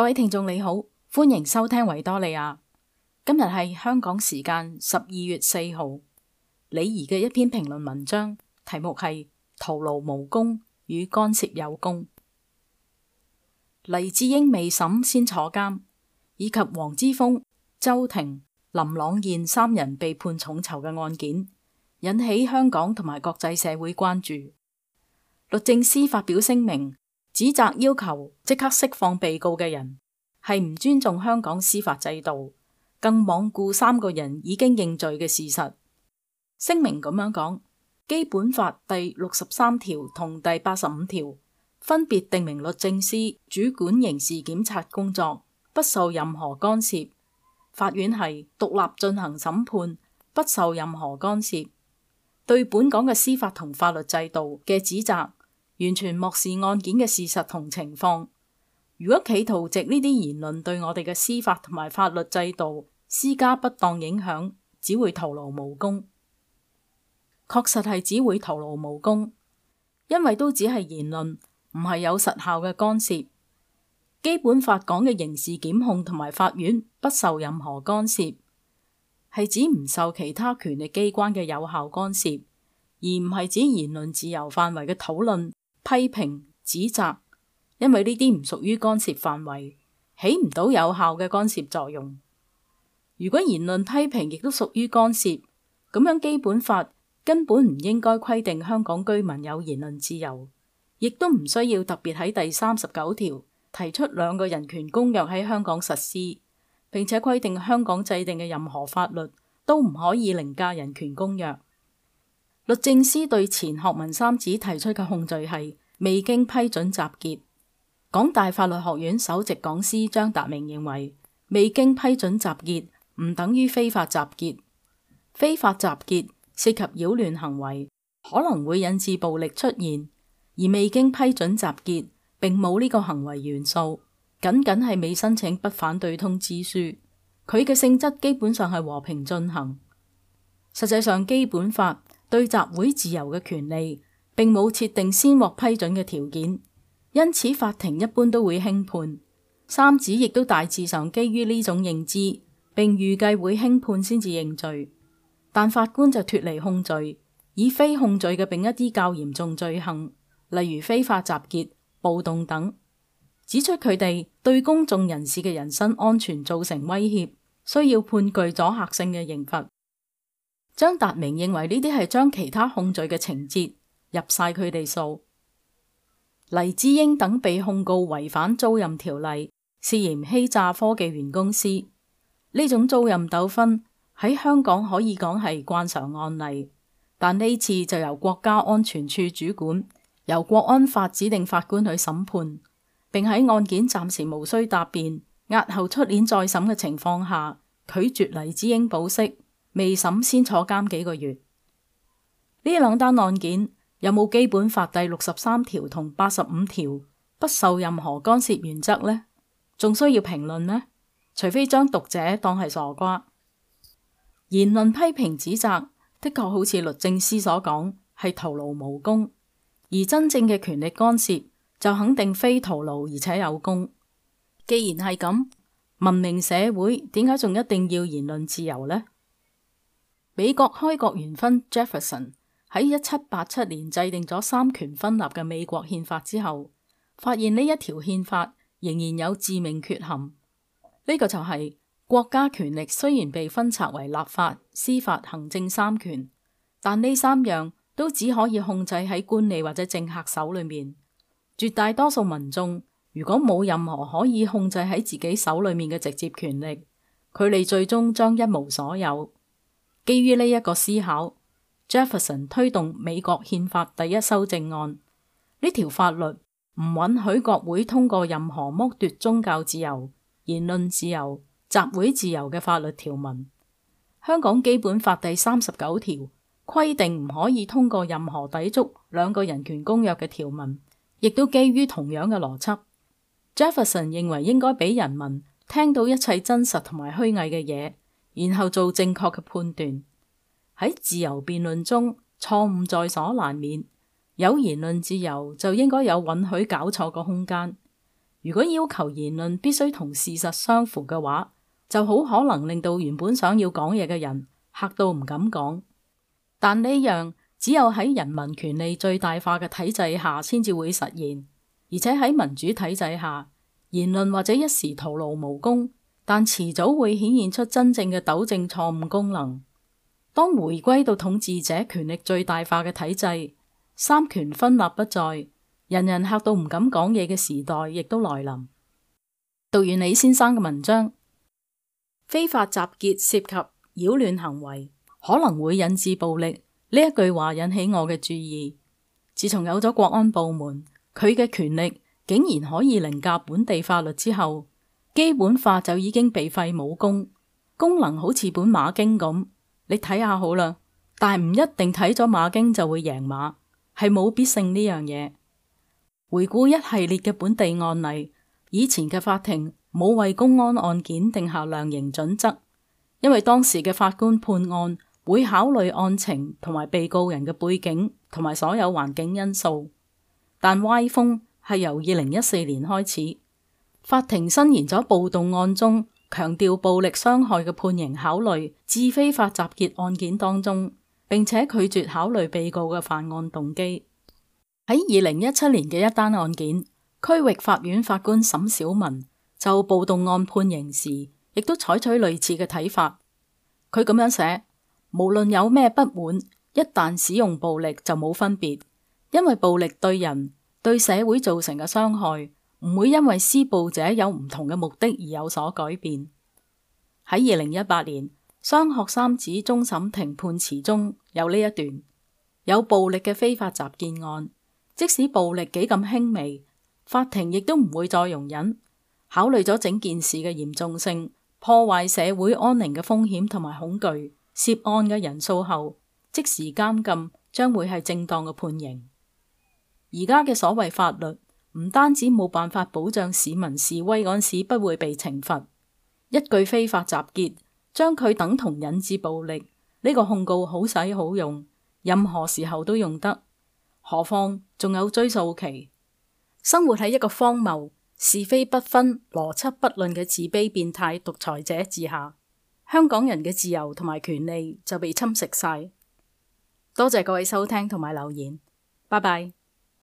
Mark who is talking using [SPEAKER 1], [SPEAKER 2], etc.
[SPEAKER 1] 各位聽眾你好，歡迎收聽維多利亞。今日係香港時間十二月四號，李怡嘅一篇評論文章，題目係“徒勞無功與干涉有功”。黎智英未審先坐監，以及黃之鋒、周庭、林朗彥三人被判重囚嘅案件，引起香港同埋國際社會關注。律政司發表聲明。指責要求即刻釋放被告嘅人係唔尊重香港司法制度，更罔顧三個人已經認罪嘅事實。聲明咁樣講：基本法第六十三條同第八十五條分別定名律政司主管刑事檢察工作不受任何干涉，法院係獨立進行審判，不受任何干涉，對本港嘅司法同法律制度嘅指責完全漠視案件嘅事實同情況。如果企圖藉呢啲言論對我哋嘅司法同埋法律制度施加不當影響，只會徒勞無功。確實係只會徒勞無功，因為都只係言論，唔係有實效嘅干涉。基本法講嘅刑事檢控同埋法院不受任何干涉，係指唔受其他權力機關嘅有效干涉，而唔係指言論自由範圍嘅討論。批評指責，因為呢啲唔屬於干涉範圍，起唔到有效嘅干涉作用。如果言論批評亦都屬於干涉，咁樣基本法根本唔應該規定香港居民有言論自由，亦都唔需要特別喺第三十九條提出兩個人權公約喺香港實施，並且規定香港制定嘅任何法律都唔可以凌駕人權公約。律政司對前學民三子提出嘅控罪係未經批准集結。港大法律學院首席講師張達明認為，未經批准集結唔等於非法集結。非法集結涉及擾亂行為，可能會引致暴力出現，而未經批准集結並冇呢個行為元素，僅僅係未申請不反對通知書，佢嘅性質基本上係和平進行。實際上，基本法，對集會自由嘅權利，並冇設定先獲批准嘅條件，因此法庭一般都會輕判。三子亦都大致上基於呢種認知，並預計會輕判先至認罪。但法官就脫離控罪，以非控罪嘅並一啲較嚴重罪行，例如非法集結、暴動等，指出佢哋對公眾人士嘅人身安全造成威脅，需要判具阻嚇性嘅刑罰。張達明認為呢啲係將其他控罪嘅情節入晒佢哋數。黎智英等被控告違反租賃條例，涉嫌欺詐科技園公司。呢種租賃糾紛喺香港可以講係慣常案例，但呢次就由國家安全處主管，由國安法指定法官去審判，並喺案件暫時無需答辯，押後出年再審嘅情況下，拒絕黎智英保釋。未審先坐監幾個月，呢兩單案件有冇基本法第六十三條同八十五條不受任何干涉原則呢？仲需要評論呢？除非將讀者當係傻瓜。言論批評指責的確好似律政司所講係徒勞無功，而真正嘅權力干涉就肯定非徒勞而且有功。既然係咁，文明社會點解仲一定要言論自由呢？美國開國元勳 s o n 喺一七八七年制定咗三權分立嘅美國憲法之後，發現呢一條憲法仍然有致命缺陷。呢、這個就係、是、國家權力雖然被分拆為立法、司法、行政三權，但呢三樣都只可以控制喺官吏或者政客手裏面。絕大多數民眾如果冇任何可以控制喺自己手裏面嘅直接權力，佢哋最終將一無所有。基於呢一個思考，Jefferson 推動美國憲法第一修正案，呢條法律唔允許國會通過任何剝奪宗教自由、言論自由、集會自由嘅法律條文。香港基本法第三十九條規定唔可以通過任何抵觸兩個人權公約嘅條文，亦都基於同樣嘅邏輯。Jefferson 認為應該俾人民聽到一切真實同埋虛偽嘅嘢。然後做正確嘅判斷。喺自由辯論中，錯誤在所難免。有言論自由就應該有允許搞錯嘅空間。如果要求言論必須同事實相符嘅話，就好可能令到原本想要講嘢嘅人嚇到唔敢講。但呢樣，只有喺人民權利最大化嘅體制下先至會實現，而且喺民主體制下，言論或者一時徒勞無功。但遲早會顯現出真正嘅糾正錯誤功能。當回歸到統治者權力最大化嘅體制，三權分立不再，人人嚇到唔敢講嘢嘅時代亦都來臨。讀完李先生嘅文章，非法集結涉及擾亂行為可能會引致暴力呢一句話引起我嘅注意。自從有咗國安部門，佢嘅權力竟然可以凌駕本地法律之後。基本法就已經被廢武功，功能好似本馬經咁，你睇下好啦，但係唔一定睇咗馬經就會贏馬，係冇必勝呢樣嘢。回顧一系列嘅本地案例，以前嘅法庭冇為公安案件定下量刑準則，因為當時嘅法官判案會考慮案情同埋被告人嘅背景同埋所有環境因素，但歪風係由二零一四年開始。法庭申言咗暴動案中強調暴力傷害嘅判刑考慮，至非法集結案件當中，並且拒絕考慮被告嘅犯案動機。喺二零一七年嘅一單案件，區域法院法官沈小文就暴動案判刑時，亦都採取類似嘅睇法。佢咁樣寫：「無論有咩不滿，一旦使用暴力就冇分別，因為暴力對人對社會造成嘅傷害。唔會因為施暴者有唔同嘅目的而有所改變。喺二零一八年，雙學三子終審庭判詞中有呢一段：有暴力嘅非法集結案，即使暴力幾咁輕微，法庭亦都唔會再容忍。考慮咗整件事嘅嚴重性、破壞社會安寧嘅風險同埋恐懼、涉案嘅人數後，即時監禁將會係正當嘅判刑。而家嘅所謂法律。唔單止冇辦法保障市民示威案時不會被懲罰，一句非法集結將佢等同引致暴力，呢、這個控告好使好用，任何時候都用得。何況仲有追訴期。生活喺一個荒謬、是非不分、邏輯不論嘅自卑、變態、獨裁者治下，香港人嘅自由同埋權利就被侵蝕晒。多謝各位收聽同埋留言，拜拜。